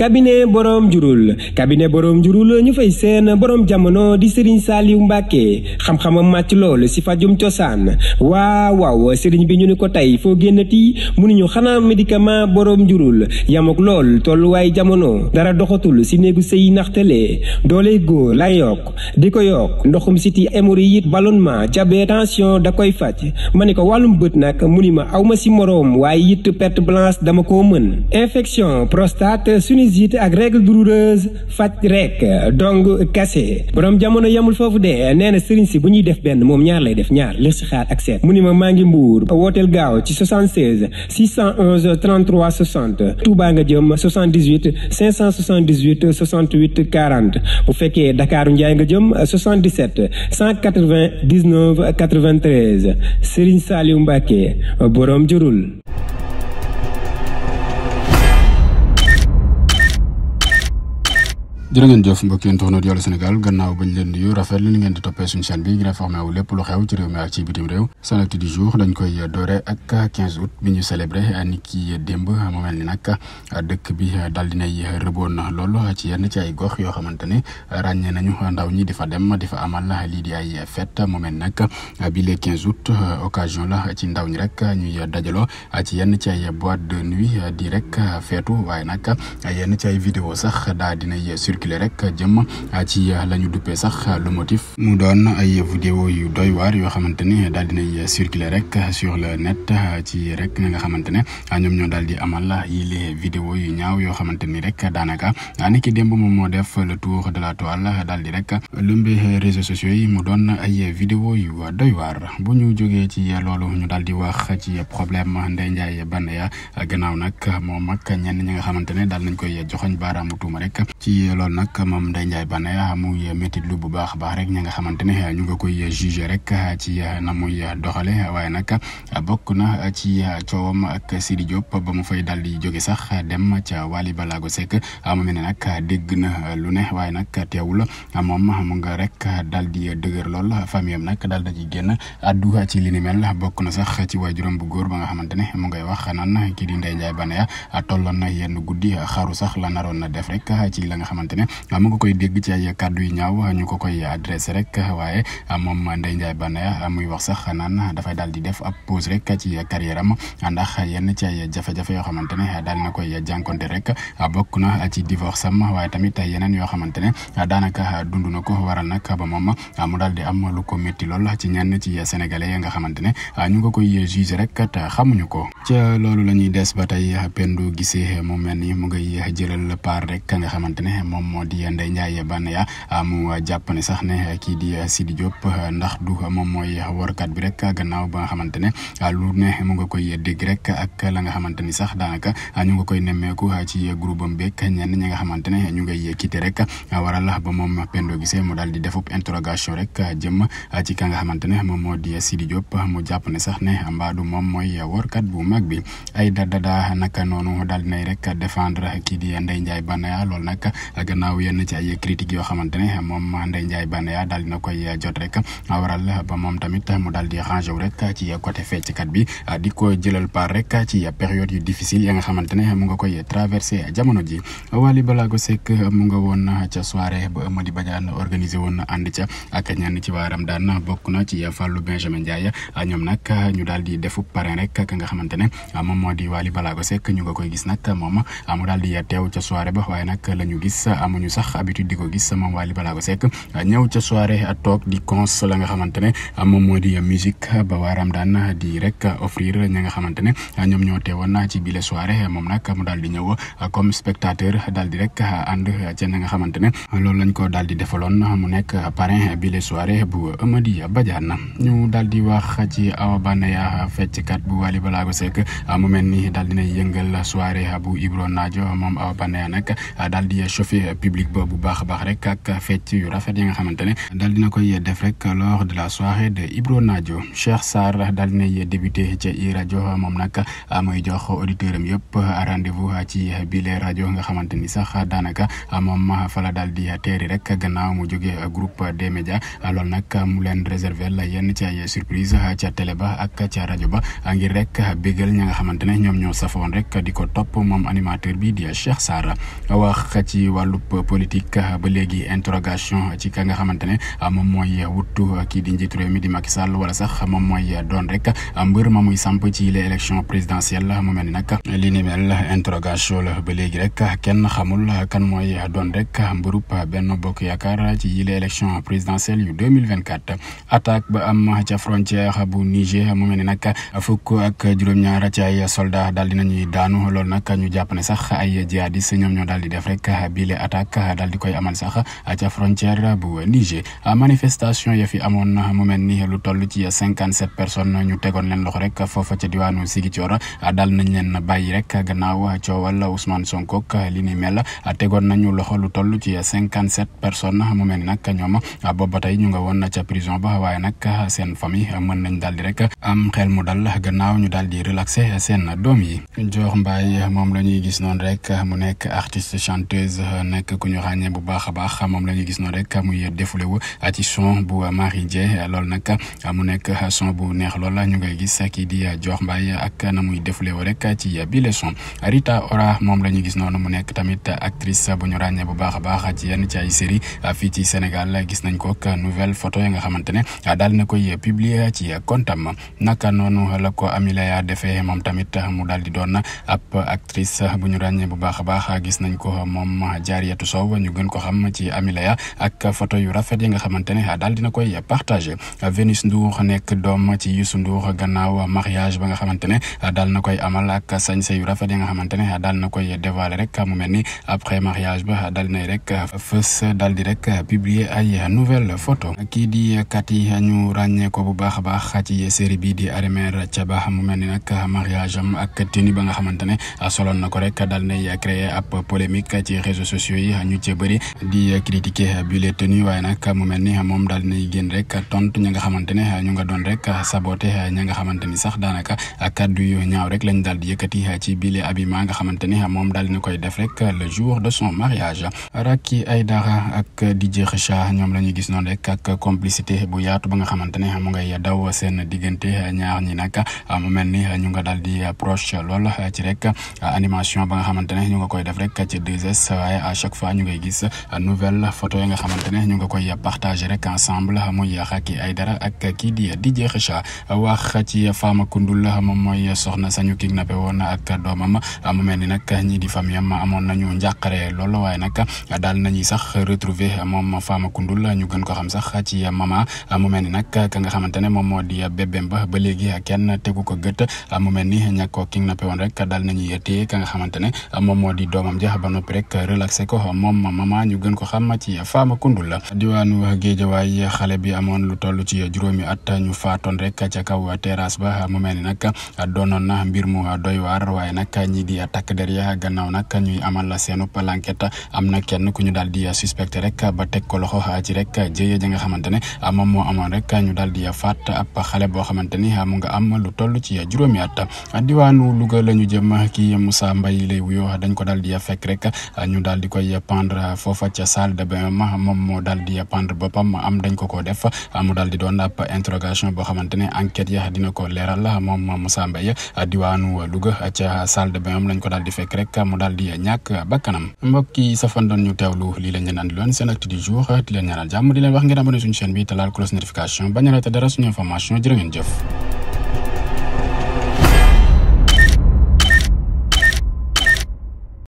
cabinet borom njurul cabinet borom njurul ñu fay seen boroom jamono di Serigne Saliou Mbacke xam-xamam màcc lool si fajum cosaan waaw waaw Serigne bi ñu ni ko tey foo génn génnati mënuñu xanaa médicament boroom njurul yamuk lool tolluwaay jamono dara doxatul si néegu sëy naxtale doole góor la yokk di ko yokk ndoxum siti hémorroïde ballonnement diabète tension da koy faj ma ne ko wàllum bët nag mu ni ma aw ma si moroom waaye it perte blanche dama ko mën infection prostate sinusite ak règle douloureuse faj rek dong kase borom jamono yamul foofu dee nee na sëriñ si bu ñuy def benn moom ñaar lay def ñaar listixaar ak seet mu ni ma maa ngi mbuur wooteel gaaw ci 76 611 33 nga jëm 78 578 68 40 bu fekkee Dakaaru Njaay nga jëm 77 199 93 Serigne Saliou Mbacke borom jurul jërë ngeen jëf mbokk yi toxna Allô Sénégal gannaaw bañ leen di rafetlu li ngeen di toppee suñu chaîne bi ngir informé wu lépp lu xew ci réew mi ak ci bitim réew seen actu bi ñu célébré ni ki démb mu mel ci yenn ci ay gox yoo xamante ne ràññee nañu ndaw ñi di fa dem di fa amal lii di ay fête mu mel nag bi le 15 août occasion la ci ndaw ñi rek ñu ñuy dajaloo ci yenn ci ay boîte de nuit di rek feetu waaye nag yenn ci ay vidéo sax daa dinay circuler rek jëm ah, ci ah, lañu ñu sax lu motif mu doon ay vidéo yu doy waar yoo xamante ni daal dinay circuler rek sur le net ah, ci rek ñi nga xamante ne ñoom ñoo daal di amal yi les vidéo yu ñaaw yoo xamante ni rek daanaka ni ki démb moom moo def le tour de la toile daal di rek lëmbee réseaux sociaux yi mu doon ay vidéo yu doy waar bu ñu jógee ci loolu ñu daal di wax ci problème Ndeye Ndiaye a gannaaw nag moom ak ñenn ñi nga xamante ne daal nañ koy joxoñ baaraamu tuuma rek ci loolu nag moom Ndeye Ndiaye Bane ah, muy métit lu bu baax a baax rek ña nga xamante ne ah, ñu nga koy jugé rek ah, ci na muy doxale waaye nag bokk na ci coowam ak Sidi Diop ba mu fay daal di jóge sax dem ca Wally Balago Seck mu mel ne nag dégg na lu ne waaye nag teewul moom mu nga rek daal di dëgër lool a am nag daal di génn addu ci li ni mel bokk na sax ci waajuram bu góor ba nga xamante ne mu ngay wax naan kii di Ndeye Ndiaye Bane tolloon na yenn guddi xaru sax la naroon na def rek la nga xamante ne ah, mu ngi koy dégg ci ay kàddu yu ñaaw ñu ko koy adressé rek waaye ah, moom Ndeye Ndiaye Banaya ah, muy wax sax naan daal di def ab pause rek ci carrière am ndax yenn ci a jafe-jafe yoo xamante ne daal na koy jànkonte rek bokk na ci divorce am waaye tamit yeneen yoo xamante ne daanaka dundu na ko waral nag ba moom mu daal di am lu ko métti lool ci ñenn ci sénégalais yi nga xamante ne ñu ngi koy juge rek te xamuñu ko. ca loolu la ñuy des ba tey Pendou Guissé mu mel ni mu a jëlal part rek nga xamante xamante ne moom moo di Ndeye Ndiaye Banaya mu jàpp ne sax ne kii di Sidi Diop ndax du moom mooy warkat bi rek gannaaw ba nga xamante ne lu ne mu nga koy dégg rek ak la nga xamante ni sax daanaka ñu nga koy nemmeeku ci groupe am beeg ñenn nga xamante ne ñu ngay quitté rek waral ba moom Pendo Guissé mu daal di defub interrogation rek jëm ci ka nga xamante ne moom moo di Sidi Diop mu jàpp ne sax ne mbaadu moom mooy warkat bu mag bi ay dada naka noonu daal di nay rek défendre kii di Ndeye Ndiaye Banaya loolu nag gannaaw yenn ci ay critiques yoo xamante ne moom Ndeye Ndiaye Banaya daal dina koy jot rek waral ba moom tamit mu daal di rangé wu rek ci côté fecckat bi di ko jëlal par rek ci période yu difficile ya nga xamante ne mu nga koy a jamono ji Wally Ballago Seck mu nga woon ca soirée ba Amady Badiane organisé woon ànd ca ak ñenn ci waa Ramadane bokk na ci a Benjamin Ndiaye ñoom nag ñu daal di defu parrain rek ka nga xamante ne moom moo di Wally Ballago Seck ñu nga koy gis nag moom mu daal di teew ca soirée gis amuñu sax habitude di ko gis moom Wally Ballago a ñëw ca soirée toog di cons la nga xamante ne moom moo di musique ba waaram daan di rek offrir ña nga xamante a ñoom ñoo teewoon ci bile soirée moom nag mu daal di ñëw comme spectateur daal di rek a ca ña nga xamante ne loolu lañ ko daal di defaloon mu nekk bu Amady Badiane a daal di wax ci Awa Banaya fecckat bu Wally Ballago Seck mu mel ni daal dina yëngal soirée bu Ibro Nadio moom Awa Banaya nag daal di chauffeur public ba bu baax a baax rek ak fecc yu rafet yi nga xamante ne daal dina koy def rek lors de la soirée de Ibro Nadio Cheikh Sarr daal dinay débuté ca i rajo moom nag mooy jox auditeurs am yëpp rendez-vous ci bile rajo nga xamante ni sax daanaka moom fa la dal di teeri rek gannaaw mu jóge groupe des médias loolu nag mu leen réserver la yenn ci ay surprise ca télé ba ak ca rajo ba ngir rek bégal ña nga xamante ne ñoom ñoo safoon rek di ko topp moom animateur bi di Cheikh Sarr wax ci wàllub politique euh, ba léegi interrogation ci ka nga xamante ne euh, moom mooy wuttu euh, kii di njiitu réew di Macky Sall wala sax moom mooy doon rek mbër ma muy samp ci les élections présidentielles mu mel ni nag li ni la ba léegi rek kenn xamul kan mooy doon rek mbërub benn bokk yaakaar ci yile élection présidentielle yu attaque ba am ca frontière bu Niger mu mel ni nag fukk ak juróom-ñaar ci ay soldat daal dinañuy daanu loolu nag ñu jàpp bi le attaque daal di koy amal sax ca frontière bu Niger manifestation ya fi amoon mu mel ni lu toll ci cinquante personnes ñu tegoon leen loxo rek foofa ca ñu nga woon ca prison ba waaye nag seen famille mën nañ daal di rek seen doom yi. Dior Mbaye moom la gis noonu rek mu nekk artiste chanteuse. Diaz euh, nekk ku ràññee bu baax a baax moom la ñu gis noonu rek muy défoulé wu ci son bu Marie Dieng loolu nag mu nekk son bu neex lool ñu ngay gis kii di Dior Mbaye ak na muy défoulé rek ci la ñu gis mu nekk tamit actrice bu ñu bu baax a baax ci yenn ci ay série fii ci Sénégal gis nañ ko nouvelle photo yi nga xamante ne daal na koy publier ci kontam naka noonu la ko Amilaya defee moom tamit mu daal di doon ab actrice bu ñu ràññee bu baax a baax gis nañ ko moom. maam Jaariyatu Sow ñu gën ko xam ci Amilaya ak photo yu rafet yi nga xamante ne daal dina koy partagé Vénus Ndour nekk doom ci Youssou Ndour gannaaw mariage ba nga xamante ne daal na koy amal ak sañse yu rafet yi nga xamante ne daal na koy dévoilé rek mu mel après mariage ba daal nay rek fës daal di rek publier ay nouvelle photo kii di Kati ñu ràññee ko bu baax a baax ci série bi di Armère Thiaba mu mel ni a mariage am ak tenue ba nga xamante a soloon na ko rek daal nay créer réseaux sociaux yi ñu cee bëri di critiquer bi les tenues waaye nag mu mel ni moom daal dinay génn rek tontu ña nga xamante ne ñu nga doon rek saboté ña nga xamante di yëkkati ci bile abima la ñuy gis noonu rek ak bu yaatu ba nga xamante ne mu ngay daw seen diggante ñaar ñi nag mu mel ni ñu nga daal di proche lool ci rek animation ba nga xamante ñu nga koy def rek ci 2 waaye à chaque fois ñu ngay gis euh, nouvelle photo yi nga xamante ne ñu nga koy partager rek ensemble muy Khady Aïdara ak kii di Didier Khecha wax ci Fama Koundoul moom mooy soxna sañu kidnappé woon ak doomam mu mel ni ñii di famiyam amoon nañu njàqare lool waaye nag daal nañuy sax retrouver moom Fama Koundoul ñu gën ko xam sax ci mama mu mel ni nag ka nga xamante ne moom moo di ba ba léegi kenn tegu ko gët mu mel ni ña ko kidnappé woon rek daal nañuy téye ka nga xamante ne moom moo di doomam ja ba noppi rek relaxé ko moom mama ñu gën ko xam ci Fama Koundoul diwaanu Géejawaay xale bi amoon lu toll ci juróomi at ñu faatoon rek ca kaw terrasse ba mu mel ni nag doonoon na mbir mu doy waar waaye nag ñii di takk der ya gannaaw nag ñuy amal seenu enquête am na kenn ku ñu daal di suspecté rek ba teg ko loxo ci rek jëye ja nga xamante ne moom moo amoon rek ñu daal di faat ab xale boo xamante ni mu nga am lu toll ci juróomi at diwaanu Louga la ñu jëm kii Moussa lay wuyoo dañ ko daal di fekk rek ñu ñu daal di koy pendre foofa ca salle de bain moom moo daal di pendre boppam am dañ ko koo def mu daal di doon ab interrogation boo xamante ne enquête ya dina ko leeral moom Moussa Mbaye diwaanu Louga ca salle de bain am lañ ko daal di fekk rek mu daal di ñàkk bakkanam mbokk yi safandoon ñu teewlu lii lañ leen andiloon seen acte du jour di leen ñaanal jàmm di leen wax ngeen abonné suñu chaîne bi te laal cloche notification bañ dara suñu information